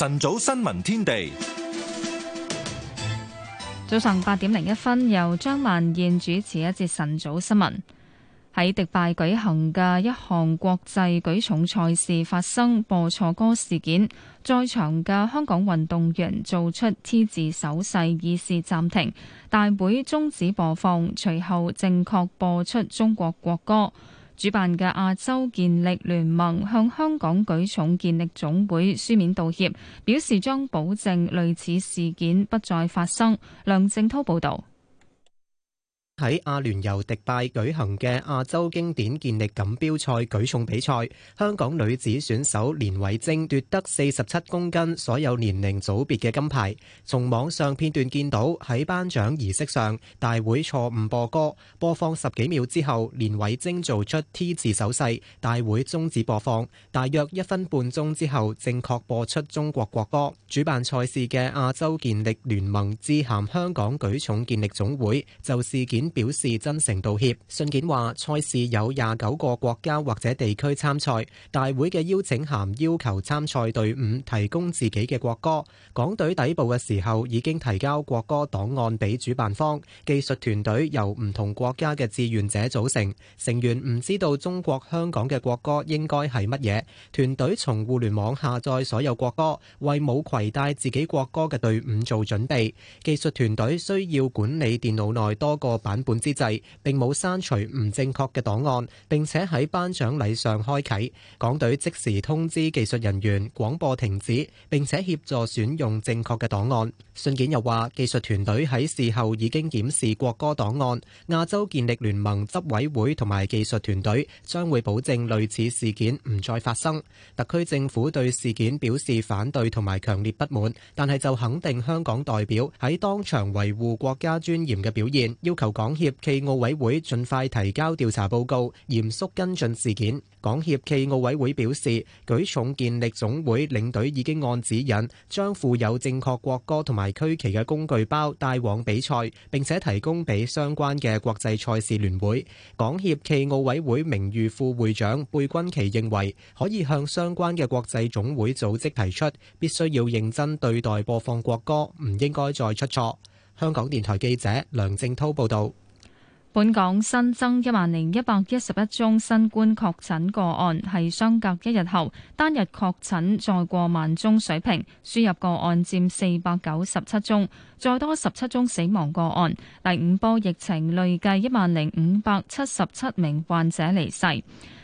晨早新聞天地，早上八點零一分，由張曼燕主持一節晨早新聞。喺迪拜舉行嘅一項國際舉重賽事發生播錯歌事件，在場嘅香港運動員做出 T 字手勢以示暫停，大會中止播放，隨後正確播出中國國歌。主辦嘅亞洲健力聯盟向香港舉重健力總會書面道歉，表示將保證類似事件不再發生。梁正濤報道。喺阿聯酋迪拜舉行嘅亞洲經典健力錦標賽舉重比賽，香港女子選手連偉晶奪得四十七公斤所有年齡組別嘅金牌。從網上片段見到喺頒獎儀式上，大會錯誤播歌，播放十幾秒之後，連偉晶做出 T 字手勢，大會終止播放。大約一分半鐘之後，正確播出中國國歌。主辦賽事嘅亞洲健力聯盟致函香港舉重健力總會就事件，表示真誠道歉。信件話賽事有廿九個國家或者地區參賽，大會嘅邀請函要求參賽隊伍提供自己嘅國歌。港隊底部嘅時候已經提交國歌檔案俾主辦方。技術團隊由唔同國家嘅志願者組成，成員唔知道中國香港嘅國歌應該係乜嘢。團隊從互聯網下載所有國歌，為冇攜帶自己國歌嘅隊伍做準備。技術團隊需要管理電腦內多個版。本之際，並冇刪除唔正確嘅檔案，並且喺頒獎禮上開啓港隊即時通知技術人員廣播停止，並且協助選用正確嘅檔案。信件又話技術團隊喺事後已經檢視國歌檔案，亞洲劍擊聯盟執委會同埋技術團隊將會保證類似事件唔再發生。特區政府對事件表示反對同埋強烈不滿，但係就肯定香港代表喺當場維護國家尊嚴嘅表現，要求港。港協暨奧委會盡快提交調查報告，嚴肅跟進事件。港協暨奧委會表示，舉重健力總會領隊已經按指引，將附有正確國歌同埋區旗嘅工具包帶往比賽，並且提供俾相關嘅國際賽事聯會。港協暨奧委會名譽副會長貝君琪認為，可以向相關嘅國際總會組織提出，必須要認真對待播放國歌，唔應該再出錯。香港電台記者梁正濤報道，本港新增一萬零一百一十一宗新冠確診個案，係相隔一日後，單日確診再過萬宗水平，輸入個案佔四百九十七宗，再多十七宗死亡個案，第五波疫情累計一萬零五百七十七名患者離世。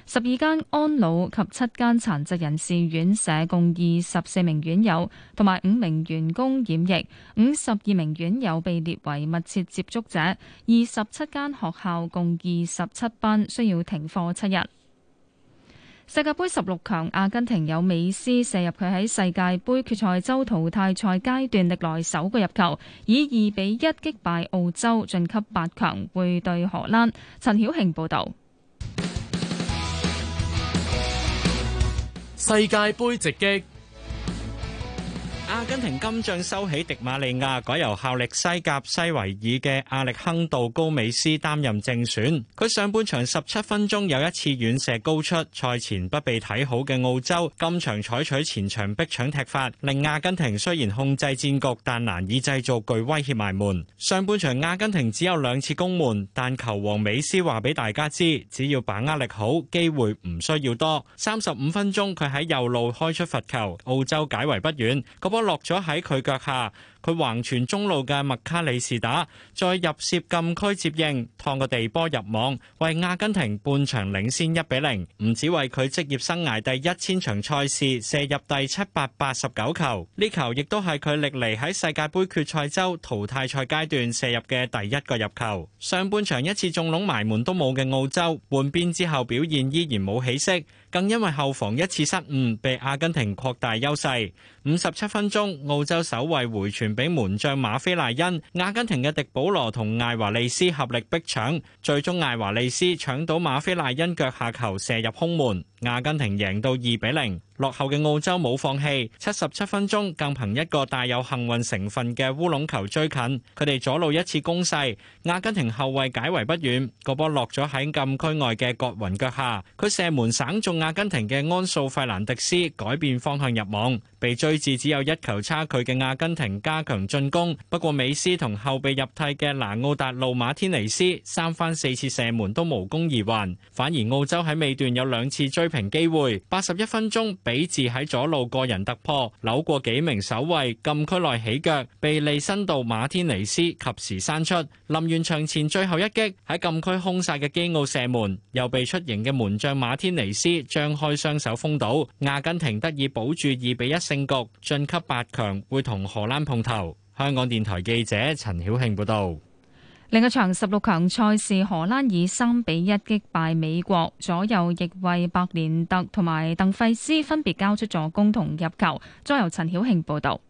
十二間安老及七間殘疾人士院舍共二十四名院友同埋五名員工染疫，五十二名院友被列為密切接觸者。二十七間學校共二十七班需要停課七日。世界盃十六強，阿根廷有美斯射入佢喺世界盃決賽周淘汰賽階段歷來首個入球，以二比一擊敗澳洲，晉級八強，會對荷蘭。陳曉慶報導。世界杯直擊。阿根廷金將收起迪馬利亞，改由效力西甲西維爾嘅阿力亨道高美斯擔任正選。佢上半場十七分鐘有一次遠射高出。賽前不被睇好嘅澳洲，今場採取前場逼搶踢法，令阿根廷雖然控制戰局，但難以製造具威脅埋門。上半場阿根廷只有兩次攻門，但球王美斯話俾大家知，只要把握力好，機會唔需要多。三十五分鐘佢喺右路開出罰球，澳洲解圍不遠，個波。落咗喺佢腳下。佢橫傳中路嘅麥卡里士打再入攝禁區接應，趟個地波入網，為阿根廷半場領先一比零。唔止為佢職業生涯第一千場賽事射入第七百八,八十九球，呢球亦都係佢歷嚟喺世界盃決賽周淘汰賽階段射入嘅第一個入球。上半場一次中籠埋門都冇嘅澳洲，換邊之後表現依然冇起色，更因為後防一次失誤，被阿根廷擴大優勢。五十七分鐘，澳洲守衛回傳。俾門將馬菲納恩，阿根廷嘅迪保羅同艾華利斯合力逼搶，最終艾華利斯搶到馬菲納恩腳下球射入空門，阿根廷贏到二比零。落後嘅澳洲冇放棄，七十七分鐘更憑一個帶有幸運成分嘅烏龍球追近。佢哋左路一次攻勢，阿根廷後衛解圍不遠，個波落咗喺禁區外嘅葛雲腳下，佢射門省中阿根廷嘅安素費蘭迪斯，改變方向入網。被追至只有一球差距嘅阿根廷加強進攻，不過美斯同後備入替嘅拿奧達路馬天尼斯三番四次射門都無功而還。反而澳洲喺尾段有兩次追平機會，八十一分鐘。比治喺左路個人突破，扭過幾名守衞，禁區內起腳，被利申道馬天尼斯及時閂出。臨完場前最後一擊喺禁區空曬嘅基奧射門，又被出營嘅門將馬天尼斯張開雙手封堵。阿根廷得以保住二比一勝局，晉級八強，會同荷蘭碰頭。香港電台記者陳曉慶報道。另一場十六強賽事，荷蘭以三比一擊敗美國，左右翼衛白聯特同埋鄧費斯分別交出助攻同入球。再由陳曉慶報道：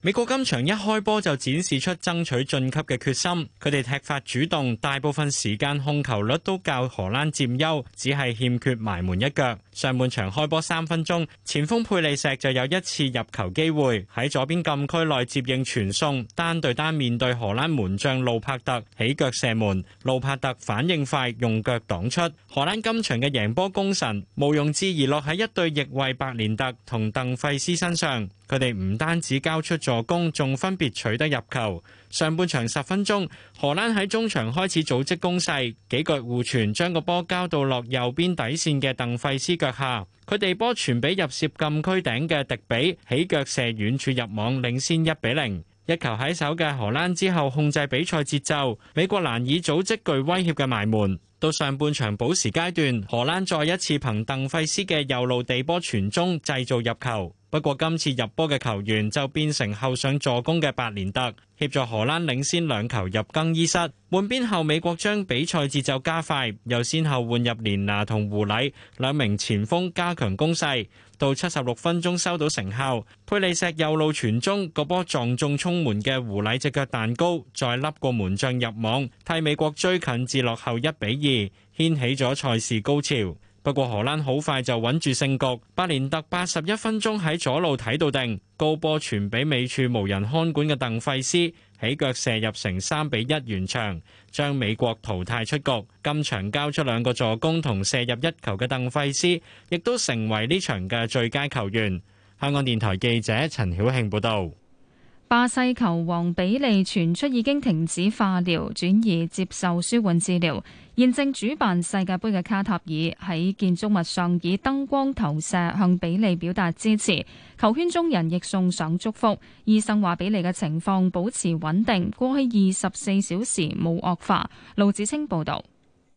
美國今場一開波就展示出爭取晉級嘅決心，佢哋踢法主動，大部分時間控球率都較荷蘭佔優，只係欠缺埋門一腳。上半場開波三分鐘，前鋒佩利石就有一次入球機會，喺左邊禁區內接應傳送，單對單面對荷蘭門將路柏特起腳射門，路柏特反應快用腳擋出。荷蘭今場嘅贏波功臣，毋庸置疑落喺一對翼衛白連特同鄧費斯身上。佢哋唔單止交出助攻，仲分別取得入球。上半場十分鐘，荷蘭喺中場開始組織攻勢，幾腳互傳將個波交到落右邊底線嘅鄧費斯腳腳下，佢地波傳俾入楔禁區頂嘅迪比，起腳射遠處入網，領先一比零。一球喺手嘅荷蘭之後控制比賽節奏，美國難以組織具威脅嘅埋門。到上半場補時階段，荷蘭再一次憑鄧費斯嘅右路地波傳中製造入球，不過今次入波嘅球員就變成後上助攻嘅白連特。協助荷蘭領先兩球入更衣室，換邊後美國將比賽節奏加快，又先後換入連拿同胡禮兩名前鋒加強攻勢。到七十六分鐘收到成效，佩利石右路傳中，嗰波撞中衝門嘅胡禮隻腳蛋糕，再笠過門將入網，替美國追近至落後一比二，掀起咗賽事高潮。不過荷蘭好快就穩住勝局，拜連特八十一分鐘喺左路睇到定，高波傳俾美處無人看管嘅鄧費斯，起腳射入成三比一完場，將美國淘汰出局。今場交出兩個助攻同射入一球嘅鄧費斯，亦都成為呢場嘅最佳球員。香港電台記者陳曉慶報道。巴西球王比利傳出已經停止化療，轉移接受舒緩治療。現正主辦世界盃嘅卡塔爾喺建築物上以燈光投射向比利表達支持，球圈中人亦送上祝福。醫生話比利嘅情況保持穩定，過去二十四小時冇惡化。盧子清報導。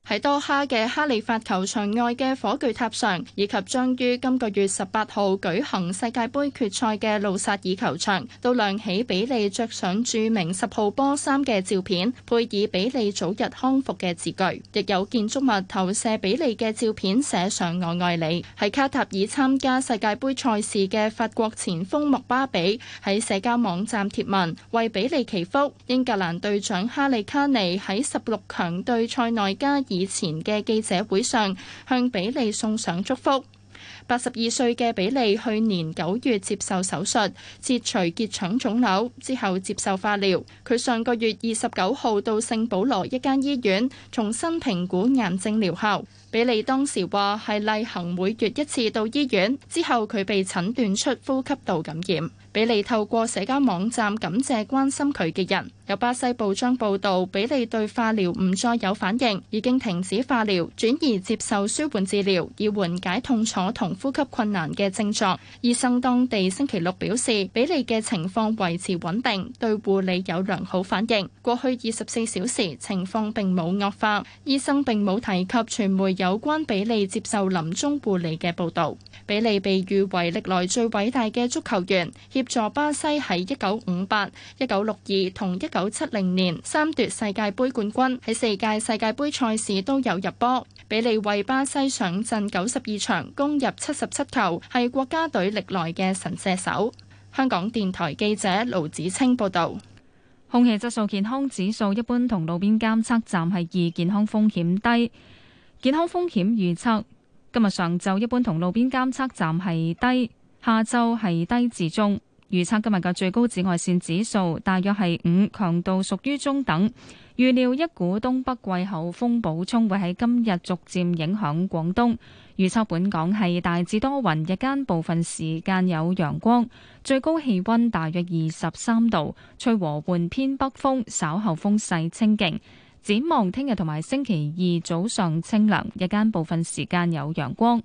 喺多哈嘅哈利法球場外嘅火炬塔上，以及將於今個月十八號舉行世界杯決賽嘅路薩爾球場，都亮起比利着上著名十號波衫嘅照片，配以比利早日康復嘅字句。亦有建築物投射比利嘅照片，寫上我愛你。喺卡塔爾參加世界杯賽事嘅法國前鋒莫巴比喺社交網站貼文為比利祈福。英格蘭隊長哈利卡尼喺十六強對塞內加。以前嘅記者會上向比利送上祝福。八十二歲嘅比利去年九月接受手術切除結腸腫瘤，之後接受化療。佢上個月二十九號到聖保羅一間醫院重新評估癌症療效。比利當時話係例行每月一次到醫院，之後佢被診斷出呼吸道感染。比利透過社交網站感謝關心佢嘅人。有巴西報章報道，比利對化療唔再有反應，已經停止化療，轉移接受舒緩治療以緩解痛楚同呼吸困難嘅症狀。醫生當地星期六表示，比利嘅情況維持穩定，對護理有良好反應，過去二十四小時情況並冇惡化。醫生並冇提及傳媒有關比利接受臨終護理嘅報道。比利被譽為歷來最偉大嘅足球員，協助巴西喺一九五八、一九六二同一九七零年三奪世界盃冠軍。喺四屆世界盃賽事都有入波。比利為巴西上陣九十二場，攻入七十七球，係國家隊歷來嘅神射手。香港電台記者盧子清報導。空氣質素健康指數一般同路邊監測站係二，健康風險低。健康風險預測。今日上晝一般同路邊監測站係低，下晝係低至中。預測今日嘅最高紫外線指數大約係五，強度屬於中等。預料一股東北季候風補充會喺今日逐漸影響廣東。預測本港係大致多雲，日間部分時間有陽光，最高氣溫大約二十三度，吹和緩偏北風，稍後風勢清勁。展望聽日同埋星期二早上清涼，日間部分時間有陽光。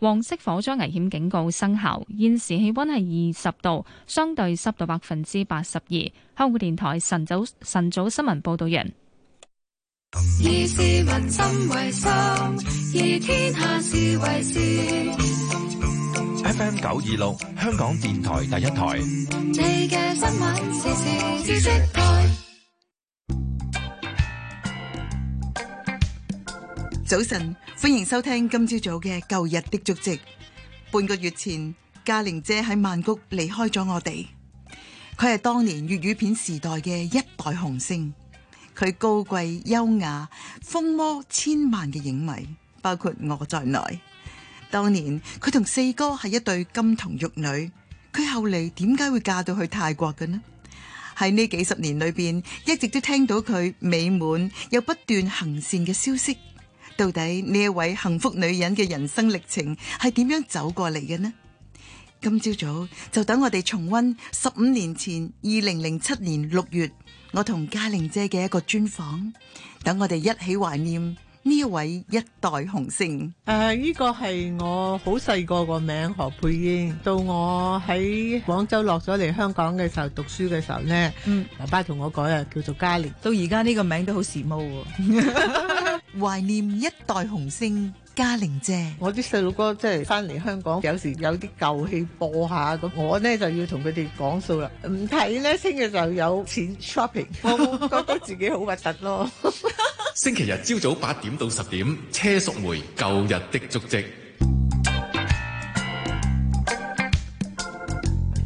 黃色火災危險警告生效。現時氣温係二十度，相對濕度百分之八十二。香港電台晨早晨早新聞報導員。以市民心為心，以天下事為事。F M 九二六，M、26, 香港電台第一台。你嘅新聞時時消息台。早晨，歡迎收聽今朝早嘅舊日的足跡。半個月前，嘉玲姐喺曼谷離開咗我哋。佢係當年粵語片時代嘅一代紅星，佢高貴優雅，風靡千萬嘅影迷，包括我在內。當年佢同四哥係一對金童玉女。佢後嚟點解會嫁到去泰國嘅呢？喺呢幾十年裏邊，一直都聽到佢美滿又不斷行善嘅消息。到底呢一位幸福女人嘅人生歷程係點樣走過嚟嘅呢？今朝早就等我哋重溫十五年前二零零七年六月我同嘉玲姐嘅一個專訪，等我哋一起懷念。呢位一代紅星，誒、呃，呢、這個係我好細個個名何佩英，到我喺廣州落咗嚟香港嘅時候讀書嘅時候咧，嗯、爸爸同我改啊，叫做嘉玲，到而家呢個名都好時髦、哦。 懷念一代紅星嘉玲姐，我啲細路哥即係翻嚟香港，有時有啲舊戲播下，咁我呢就要同佢哋講數啦，唔睇呢聽日就有錢 shopping， 我覺得自己好核突咯。 星期日朝早八點到十點，車淑梅舊日的足跡。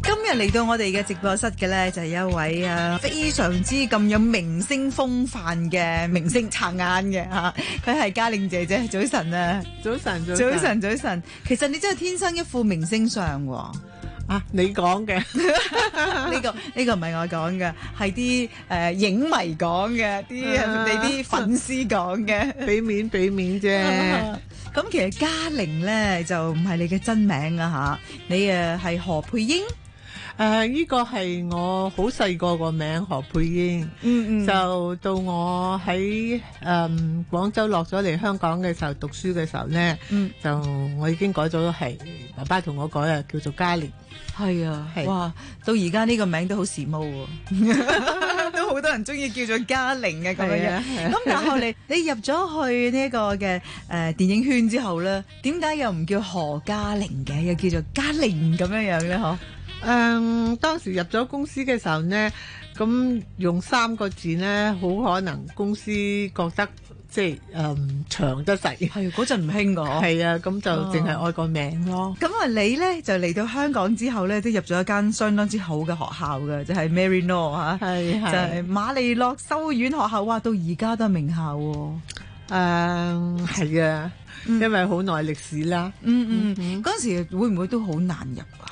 今日嚟到我哋嘅直播室嘅呢，就係、是、一位啊非常之咁有明星風範嘅明星搶眼嘅吓，佢係嘉玲姐姐。早晨啊，早晨，早晨，早晨，早晨。其實你真係天生一副明星相、哦。啊！你講嘅呢個呢個唔係我講㗎，係啲誒影迷講嘅，啲你啲粉絲講嘅，俾面俾面啫。咁其實嘉玲咧就唔係你嘅真名啊吓，你誒係何佩英。誒，呢、uh, 個係我好細個個名何佩英，嗯嗯，嗯就到我喺誒廣州落咗嚟香港嘅時候讀書嘅時候咧，嗯，就我已經改咗，係爸爸同我改啊，叫做嘉玲，係啊，哇，到而家呢個名都好時髦，哦， 都好多人中意叫做嘉玲嘅、啊，咁 樣樣。咁、啊啊，但後嚟你 你入咗去呢個嘅誒、這個呃、電影圈之後咧，點解又唔叫何嘉玲嘅，又叫做嘉玲咁樣樣咧？嗬？誒，um, 當時入咗公司嘅時候呢，咁、嗯、用三個字呢，好可能公司覺得即係誒、嗯、長得細。係嗰陣唔興我。係啊，咁就淨係、哦、愛個名咯。咁啊，你呢，就嚟到香港之後呢，都入咗一間相當之好嘅學校嘅，就係 Mary No 諾吓，就係瑪利諾修院學校。哇，到而家都係名校。誒，係啊，因為好耐歷史啦。嗯嗯，嗰陣時會唔會都好難入？啊？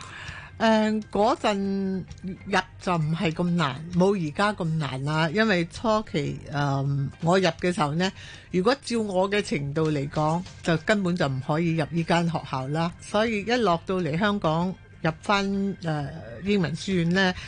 誒嗰陣入就唔係咁難，冇而家咁難啦。因為初期誒我入嘅時候咧，如果照我嘅程度嚟講，就根本就唔可以入呢間學校啦。所以一落到嚟香港入返誒英文書院咧。